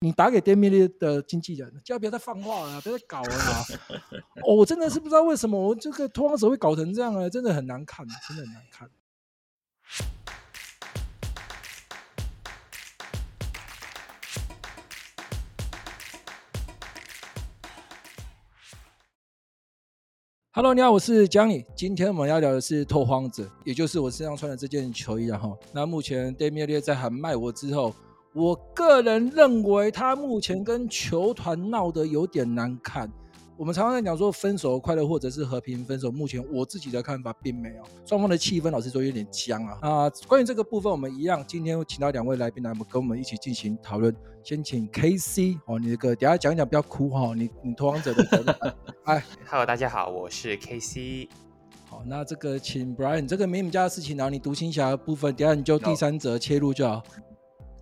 你打給 Damian Lillard 的經紀人，叫不要再放話了、啊，不要再搞了、啊。我、 oh, 真的是不知道為什麼，我這個拓荒者會搞成這樣啊、欸，真的很難看，真的很難看。 Hello，你好，我是 Johnny。今天我們要聊的是拓荒者，也就是我身上穿的這件球衣，然後，那目前 Damian Lillard 在喊賣我之後。我個人認為他目前跟球團鬧得有點難看。我們常常在講說分手快樂，或者是和平分手。目前我自己的看法並沒有，雙方的氣氛老實說有點僵啊。啊，關於這個部分，我們一樣今天會請到兩位來賓來，我們跟我們一起進行討論。先請 K C 哦，你這個等一下講講，不要哭哈。你你拓荒者的哎 Hi.，Hello，大家好，我是 K C。好、哦，那這個請 Brian，這個沒你們家的事情，然後你獨行俠的部分，等下你就第三者切入就好。No.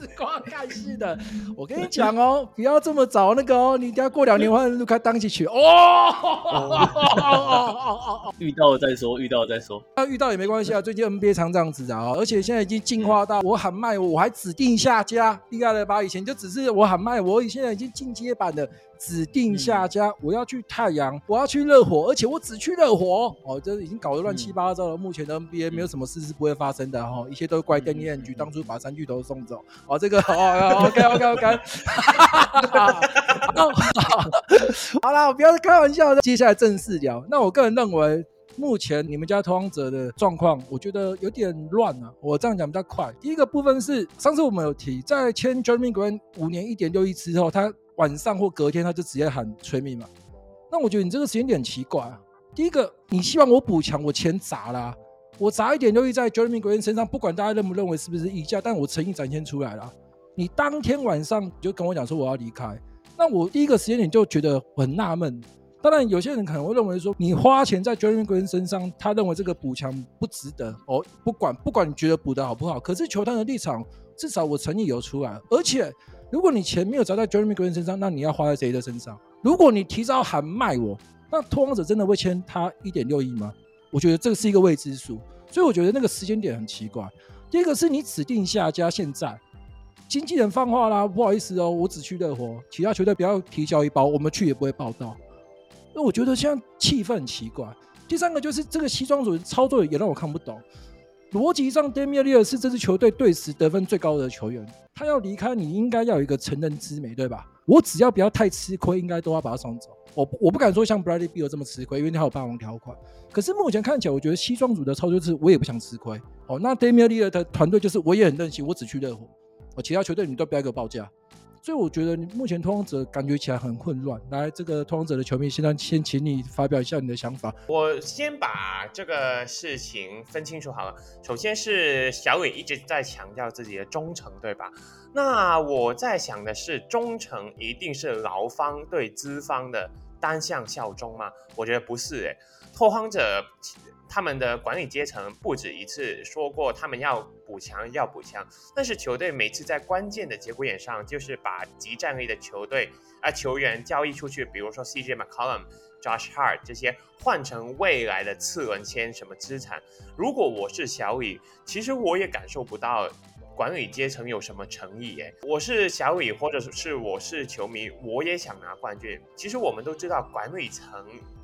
是光看戲的，我跟你講哦， 不要這麼早那個哦，你等下過兩年換路開當季去哦 遇到了再說，遇到了再說，那遇到也沒關係啊，最近 NBA 常這樣子的、啊、哦，而且現在已經進化到、嗯、我喊賣，我還指定下家，厲害了吧？以前就只是我喊賣，我現在已經進階版的指定下家，嗯、我要去太陽，我要去熱火，而且我只去熱火，哦，這已經搞得亂七八糟了。嗯、目前的 NBA 沒有什麼事是不會發生的哈、啊，嗯嗯、一切都怪鄧業菊當初把三巨頭送走。好、哦，這個好，OK，OK，OK，好好，好了，不要再開玩笑的，接下來正式聊。那我個人認為，目前你們家拓荒者的狀況，我覺得有點亂啊。我這樣講比較快。第一個部分是，上次我們有提，在簽 Jerami Grant 五年一點六億之後，他晚上或隔天他就直接喊催命嘛。那我覺得你這個時間點奇怪啊。第一個，你希望我補強，我錢砸了。我砸一點六億在 Jerami Grant 身上，不管大家認不認為是不是溢價，但我誠意展現出來了。你當天晚上就跟我講說我要離開，那我第一個時間點就覺得很納悶。當然，有些人可能會認為說，你花錢在 Jerami Grant 身上，他認為這個補強不值得哦。不管不管你覺得補的好不好，可是球團的立場，至少我誠意有出來。而且，如果你錢沒有砸在 Jerami Grant 身上，那你要花在誰的身上？如果你提早喊賣我，那拓荒者真的會簽他一點六億嗎？我覺得這個是一個未知數，所以我覺得那個時間點很奇怪。第一個是你指定下家，現在經紀人放話啦，不好意思哦、喔，我只去熱火，其他球隊不要提交一包，我們去也不會報到。那我覺得現在氣氛很奇怪。第三個就是這個西裝組的操作也讓我看不懂。邏輯上 Damian Lillard 是這支球隊隊史得分最高的球員，他要離開，你應該要有一個成人之美，對吧？我只要不要太吃虧，應該都要把他送走。我我不敢說像 Bradley Beal 這麼吃虧，因為他有霸王條款。可是目前看起來，我覺得西裝組的操作是，我也不想吃虧。哦，那 Damian Lillard 的團隊就是，我也很任性，我只去熱火，哦，其他球隊你都不要給我報價。所以我覺得目前拓荒者感覺起來很混亂。來，這個拓荒者的球迷，現在先請你發表一下你的想法。我先把這個事情分清楚好了。首先是小偉一直在強調自己的忠誠，對吧？那我在想的是，忠誠一定是勞方對資方的單向效忠嗎？我覺得不是，欸，哎，拓荒者。他們的管理階層不止一次說過，他們要補強，要補強。但是球隊每次在關鍵的節骨眼上，就是把即戰力的球隊啊球員交易出去，比如說 CJ McCollum、Josh Hart 這些換成未來的次輪籤什麼資產。如果我是小李，其實我也感受不到。管理階層有什麼誠意？哎，我是小宇，或者是我是球迷，我也想拿冠軍。其實我們都知道，管理層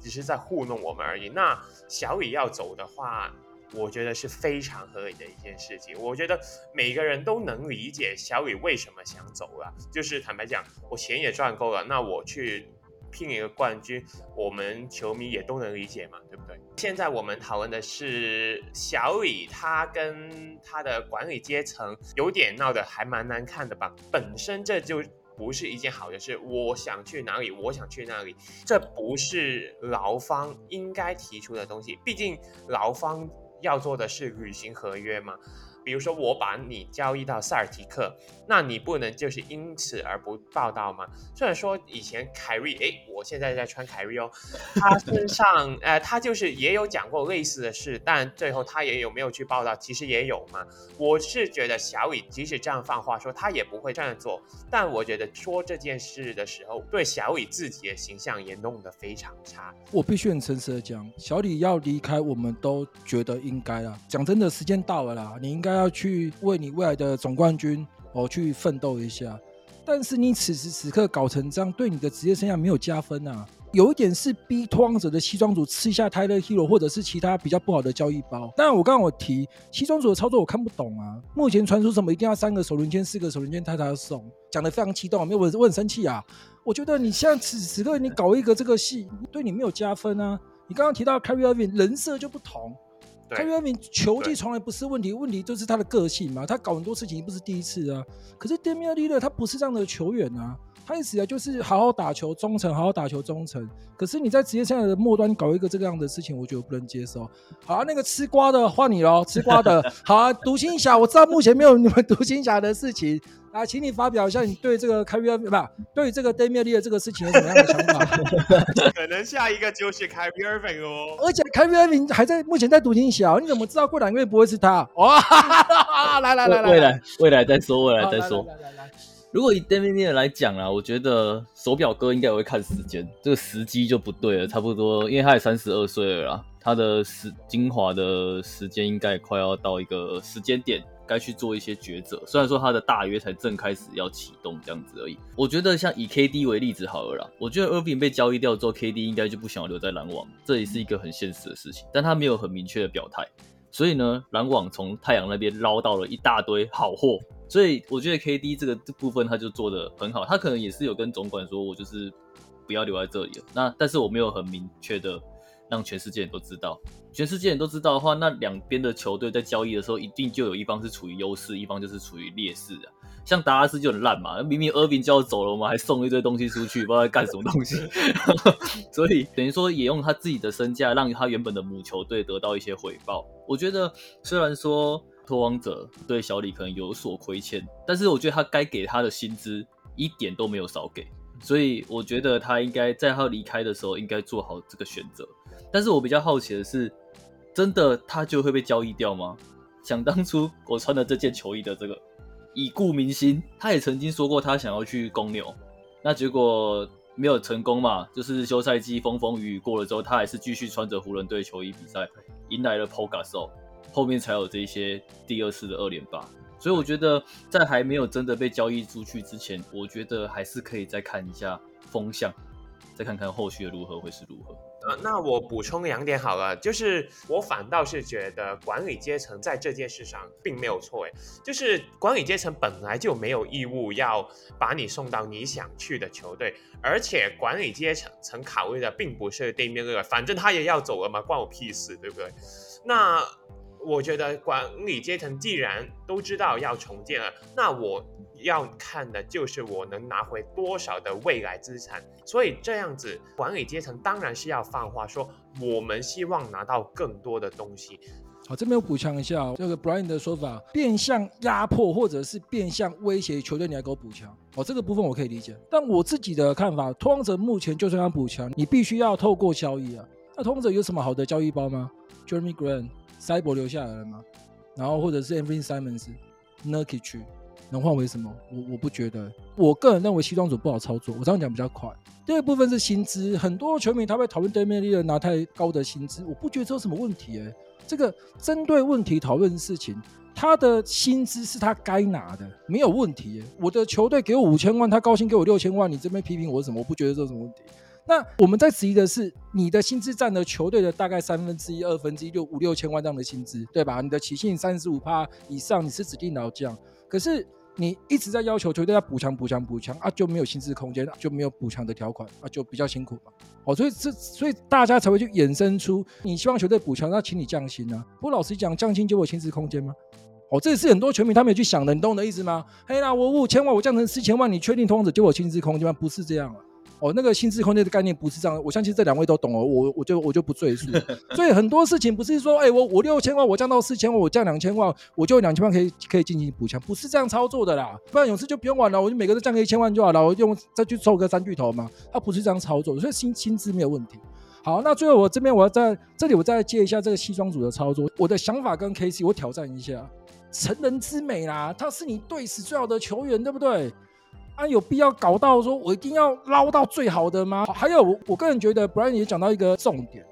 只是在糊弄我們而已。那小宇要走的話，我覺得是非常合理的一件事情。我覺得每個人都能理解小宇為什麼想走了，就是坦白講，我錢也賺夠了，那我去。拼一個冠軍，我們球迷也都能理解嘛，對不對？現在我們討論的是小李他跟他的管理階層有點鬧得還蠻難看的吧？本身這就不是一件好的事。我想去哪裡，我想去哪裡，這不是勞方應該提出的東西。畢竟勞方要做的是履行合約嘛。比如說我把你交易到塞爾提克，那你不能就是因此而不報道嗎？雖然說以前凱瑞哎，我現在在穿凱瑞哦，他身上 呃他就是也有講過類似的事，但最後他也有沒有去報道，其實也有嘛。我是覺得小李即使這樣放話說，他也不會這樣做。但我覺得說這件事的時候，對小李自己的形象也弄得非常差。我必須很誠實的講，小李要離開，我們都覺得應該了。講真的，時間到了啦，你應該。要去為你未來的總冠軍哦去奮鬥一下，但是你此時此刻搞成這樣，對你的職業生涯沒有加分啊！有一點是逼拓荒者的西裝組吃一下 Tyler Herro，或者是其他比較不好的交易包。但我剛剛我提西裝組的操作我看不懂啊。目前傳出什麼一定要三個首輪簽，四個首輪簽，太太送，講的非常激動，沒有，我很生氣啊！我覺得你現在此時此刻你搞一個這個戲，對你沒有加分啊！你剛剛提到 Kyrie Irving 人設就不同。他證明球技從來不是問題，對問題就是他的個性嘛。他搞很多事情不是第一次啊。可是 Damian Lillard，他不是這樣的球員啊。他一直啊就是好好打球，忠誠，好好打球，忠誠。可是你在職業生涯的末端搞一個這個樣的事情，我覺得不能接受。好啊，那個吃瓜的換你嘍，吃瓜的 好啊，獨行俠。我知道目前沒有你們獨行俠的事情。啊，請你發表一下你對這個 Kyrie Irving 不對，這個 Damian Lillard 這個事情有什麼樣的想法？ 可能下一個就是 Kyrie Irving 哦，而且 Kyrie Irving 還在目前在讀經，小，你怎麼知道過兩個月不會是他？哇哈！哈，來來來，來未，未來未來再說，未來再說。如果以 Damian Lillard 來講啦，我覺得手錶哥應該也會看時間，這個時機就不對了，差不多，因為他也三十二歲了，啦，他的時精華的時間應該也快要到一個時間點。該去做一些抉擇，雖然說他的大約才正開始要啟動這樣子而已。我覺得像以 KD 為例子好了啦，我覺得 Irving 被交易掉之後，KD 應該就不想留在籃網，這也是一個很現實的事情。但他沒有很明確的表態，所以呢，籃網從太陽那邊撈到了一大堆好貨，所以我覺得 KD 這個這部分他就做得很好。他可能也是有跟總管說，我就是不要留在這裡了。那但是我沒有很明確的。讓全世界人都知道，全世界人都知道的話，那兩邊的球隊在交易的時候，一定就有一方是處於優勢，一方就是處於劣勢啊。像達拉斯就很爛嘛，明明阿、er、賓就要走了，我們還送一堆東西出去，不知道在幹什麼東西。 所以等於說，也用他自己的身價，讓他原本的母球隊得到一些回報。我覺得雖然說拓荒者對小李可能有所虧欠，但是我覺得他該給他的薪資一點都沒有少給，所以我覺得他應該在他離開的時候，應該做好這個選擇。但是我比較好奇的是，真的他就會被交易掉嗎？想當初我穿的這件球衣的這個，已故明星，他也曾經說過他想要去公牛，那結果沒有成功嘛？就是休賽季風風雨雨過了之後，他還是繼續穿着湖人隊球衣比賽，迎來了 Pau Gasol 後面才有這些第二次的二連霸。所以我覺得在還沒有真的被交易出去之前，我覺得還是可以再看一下風向，再看看後續的如何會是如何。呃，那我補充兩點好了，就是我反倒是覺得管理階層在這件事上並沒有錯哎，就是管理階層本來就沒有義務要把你送到你想去的球隊，而且管理階層曾考慮的並不是對面這個，反正他也要走了嘛，關我屁事，對不對？那。我覺得管理階層既然都知道要重建了,那我要看的就是我能拿回多少的未來資產。所以這樣子，管理階層當然是要放話說，我們希望拿到更多的東西。好，這邊我補強一下哦，這個 Brian 的說法，變相壓迫或者是變相威脅球隊，你來給我補強。哦，這個部分我可以理解，但我自己的看法，拓荒者目前就算要補強，你必須要透過交易啊。那拓荒者有什麼好的交易包嗎？Jeremy Grant，塞博留下來了嗎？然後或者是 Anfernee Simons，Nurkic 能換回什麼？我我不覺得、欸，我個人認為西裝組不好操作。我這樣講比較快。第二部分是薪資，很多球迷他會討論 Dame Lillard 拿太高的薪資，我不覺得這有什麼問題、欸。哎，這個針對問題討論的事情，他的薪資是他該拿的，沒有問題、欸。我的球隊給我五千萬，他高薪給我六千萬，你這邊批評我什麼？我不覺得這有什麼問題。那我們在質疑的是，你的薪資占了球隊的大概三分之一、二分之一，就五六千萬這樣的薪資，對吧？你的起薪三十五趴以上，你是指定要降，可是你一直在要求球隊要補強、補強、補強啊，就沒有薪資空間、啊，就沒有補強的條款啊，就比較辛苦嘛。哦，所以這所以大家才會去衍生出，你希望球隊補強，那請你降薪啊。不過老實講，降薪就有薪資空間嗎？哦，這也是很多球迷他們有去想的，你懂我的意思嗎？嘿啦，我五千萬，我降成四千萬，你確定通常就有薪資空間嗎？不是這樣啊。哦，那個薪資空間的概念不是這樣，我相信這兩位都懂哦，我我就我就不贅述。 所以很多事情不是說，哎、欸，我我六千萬我降到四千萬，我降兩千萬，我就兩千萬可以可以進行補強，不是這樣操作的啦。不然勇士就不用玩了，我就每個人都降個一千萬就好了，我用再去湊個三巨頭嘛。他、啊、不是這樣操作，所以薪薪資沒有問題。好，那最後我這邊我要在這裡我再接一下這個西裝組的操作，我的想法跟 KC，我挑戰一下，成人之美啦，他是你隊史最好的球員，對不對？啊，有必要搞到說，我一定要撈到最好的嗎？還有我，我我個人覺得，Brown 也講到一個重點，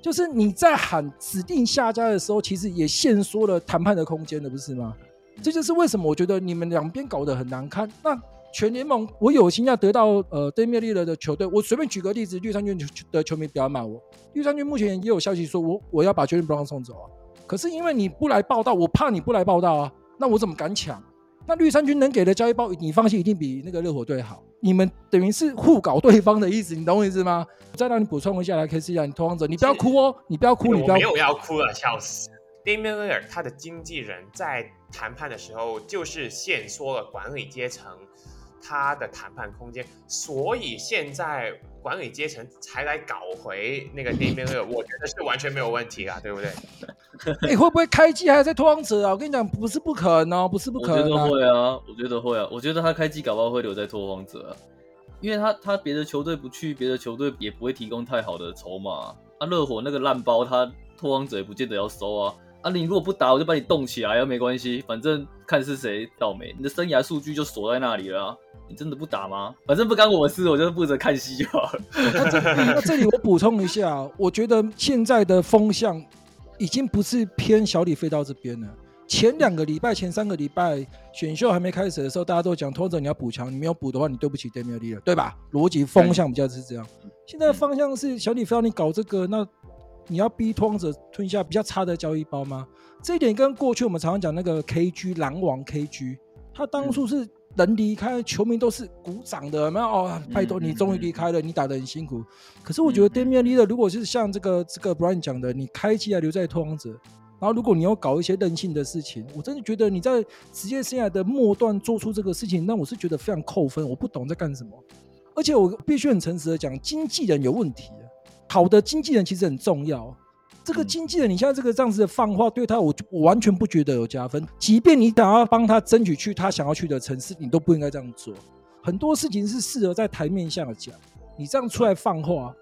就是你在喊指定下家的時候，其實也限縮了談判的空間的，不是嗎？這就是為什麼我覺得你們兩邊搞得很難看。那全聯盟，我有心要得到呃 Damian Lillard 的球隊，我隨便舉個例子，綠衫軍的球迷不要罵我。綠衫軍目前也有消息說我，我我要把 Jaylen Brown 送走啊，可是因為你不來報到，我怕你不來報到啊，那我怎麼敢搶？那綠衫軍能給的交易包，你放心，一定比那個熱火隊好。你們等於是互搞對方的意思，你懂我意思嗎？再讓你補充一下來試一下你通資者，你不要哭哦，是你不要哭，對你不要哭。我沒有要哭了，笑死。Damian Lillard 他的經紀人，在談判的時候就是限縮了管理階層他的談判空間，所以現在管理階層才來搞回那個 Damian Lillard，我覺得是完全沒有問題啊， 對不對？你、欸、會不會開機還在拓荒者啊？我跟你講，不是不可能哦，不是不可能、啊。我覺得會啊，我覺得會啊，我覺得他開機搞不好會留在拓荒者、啊，因為他他別的球隊不去，別的球隊也不會提供太好的籌碼、啊。啊，熱火那個爛包，他拓荒者也不見得要收啊。啊，你如果不打，我就把你凍起來啊，沒關係，反正看是誰倒霉，你的生涯數據就鎖在那裡了、啊。你真的不打嗎？反正不干我事，我就是負責看戲啊、 欸。那這裡我補充一下，我覺得現在的風向。已經不是偏小李飛刀這邊了。前兩個禮拜、前三個禮拜選秀還沒開始的時候，大家都講拓者你要補強，你沒有補的話，你對不起 Damian Lillard 了，對吧？邏輯風向比較是這樣。現在方向是小李飛刀你搞這個，那你要逼拓者吞下比較差的交易包嗎？這一點跟過去我們常常講那個 KG 狼王 KG，他當初是。嗯人離開球迷都是鼓掌的，沒有哦，拜托你終於離開了，嗯嗯嗯你打的很辛苦。可是我覺得對面離了，如果是像這個這個 Brian 講的，你開起來、啊、留在托邦者，然後如果你要搞一些任性的事情，我真的覺得你在職業生涯的末段做出這個事情，那我是覺得非常扣分。我不懂在幹什麼，而且我必須很誠實的講，經紀人有問題。好的經紀人其實很重要。這個經紀人，你現在這個這樣子的放話對他我，我我完全不覺得有加分。即便你想要幫他爭取去他想要去的城市，你都不應該這樣做。很多事情是適合在台面下的講，你這樣出來放話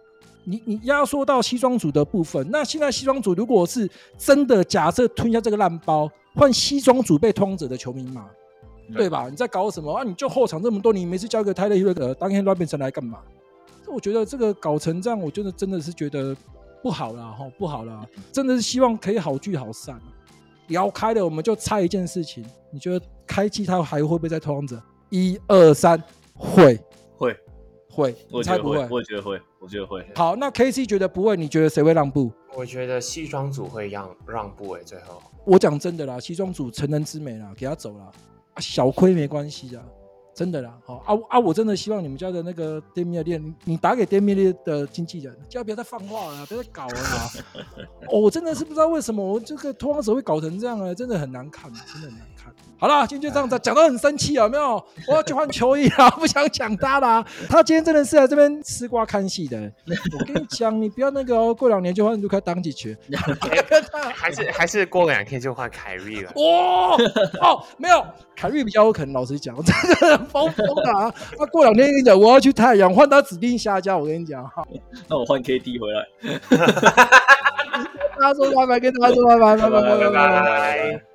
你，你你壓縮到西裝組的部分。那現在西裝組如果是真的，假設吞下這個爛包，換西裝組被通者的球迷嘛，對，對吧？你在搞什麼啊？你就後場這麼多年，你每次交給泰勒伊瑞格當天亂變成來幹嘛？我覺得這個搞成這樣，我覺得真的是覺得。不好了哈、啊哦，不好了、啊！真的是希望可以好聚好散，聊開了，我們就猜一件事情。你覺得開季他還會不會在拓荒者？一二三，會會會，我會會猜不會，我會，我覺得會，我覺得會。好，那 KC 覺得不會，你覺得誰會讓步？我覺得西裝組會讓讓步誒、欸，最後我講真的啦，西裝組成人之美啦，給他走啦。啊、小虧沒關係啊。真的啦，好、哦、啊啊！我真的希望你們家的那個 Dame 的店，你打給 Dame 的經紀人，叫不要再放話了，不要再搞了啦。我、 哦、真的是不知道為什麼，我這個拓荒者會搞成這樣啊、欸，真的很難看，真的很難看。好了，今天就這樣子，講到唉很生氣啊，沒有？我要去換球衣啊，不想講他啦。他今天真的是來這邊吃瓜看戲的、欸。 我跟你講，你不要那個哦，過兩年就換杜克當幾拳，欸、 他還是還是過兩天就換凱瑞了。哦 哦，沒有。 凱瑞比較有可能，老實講，這個瘋瘋啊！過兩天跟你講，我要去太陽換他指定下家，我跟你講。那 我換 KD 回來。他 說，跟大家說拜拜，跟他說拜拜，拜拜拜拜拜拜。拜拜拜拜